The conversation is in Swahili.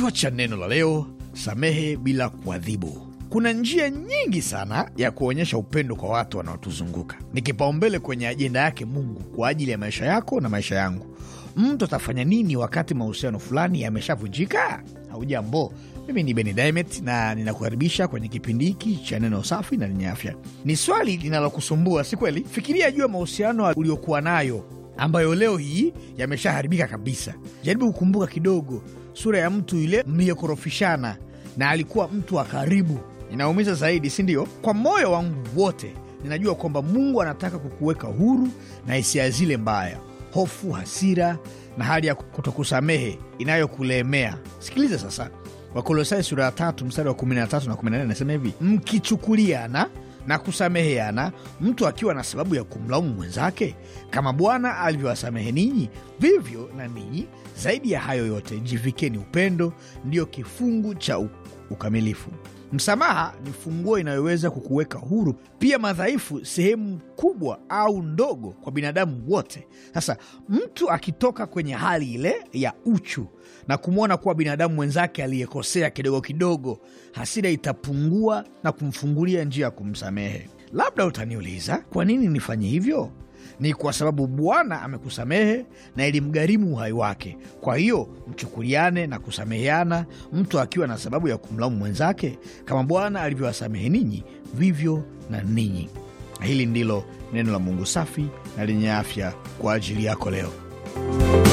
Kichwa cha neno la leo: samehe bila kuadhibu. Kuna njia nyingi sana ya kuonyesha upendo kwa watu wanaotuzunguka. Ni kipaumbele kwenye ajenda yake Mungu kwa ajili ya maisha yako na maisha yangu. Mtu atafanya nini wakati mahusiano fulani yameshavunjika? Haujambo, mimi ni Beni Dimet na ninakukaribisha kwenye kipindi hiki cha neno safi na lenye afya. Ni swali linalokusumbua, si kweli? Fikiria juu ya mahusiano uliokuwa nayo ambayo leo hii yameshaharibika kabisa. Jaribu kukumbuka kidogo sura ya mtu yule mliyekorofishana, na alikuwa mtu wa karibu. Inaumiza zaidi, si ndio? Kwa moyo wangu wote ninajua kwamba Mungu anataka kukuweka huru na hisia zile mbaya, hofu, hasira na hali ya kutokusamehe inayokulemea. Sikiliza sasa, Wakolosai sura ya tatu mstari wa 13 na 14 nasema hivi: mkichukuliana na kusameheana, mtu akiwa na sababu ya kumlaumu mwenzake, kama Bwana alivyowasamehe ninyi, vivyo na ninyi. Zaidi ya hayo yote, jivikeni upendo, ndiyo kifungu cha ukamilifu. Msamaha ni funguo inayoweza kukuweka huru, pia madhaifu sehemu kubwa au ndogo kwa binadamu wote. Sasa mtu akitoka kwenye hali ile ya uchu na kumwona kuwa binadamu mwenzake aliyekosea kidogo kidogo, hasira itapungua na kumfungulia njia ya kumsamehe. Labda utaniuliza kwa nini nifanye hivyo? ni kwa sababu Bwana amekusamehe na ilimgharimu uhai wake. Kwa hiyo mchukuliane na kusameheana, mtu akiwa na sababu ya kumlaumu mwenzake, kama Bwana alivyowasamehe ninyi, vivyo na ninyi. hili ndilo neno la Mungu safi na lenye afya kwa ajili yako leo.